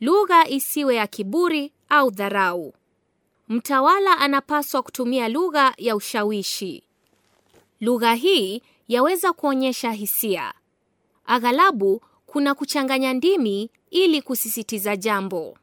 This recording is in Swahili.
Lugha isiwe ya kiburi au dharau. Mtawala anapaswa kutumia lugha ya ushawishi. Lugha hii yaweza kuonyesha hisia. Aghalabu kuna kuchanganya ndimi ili kusisitiza jambo.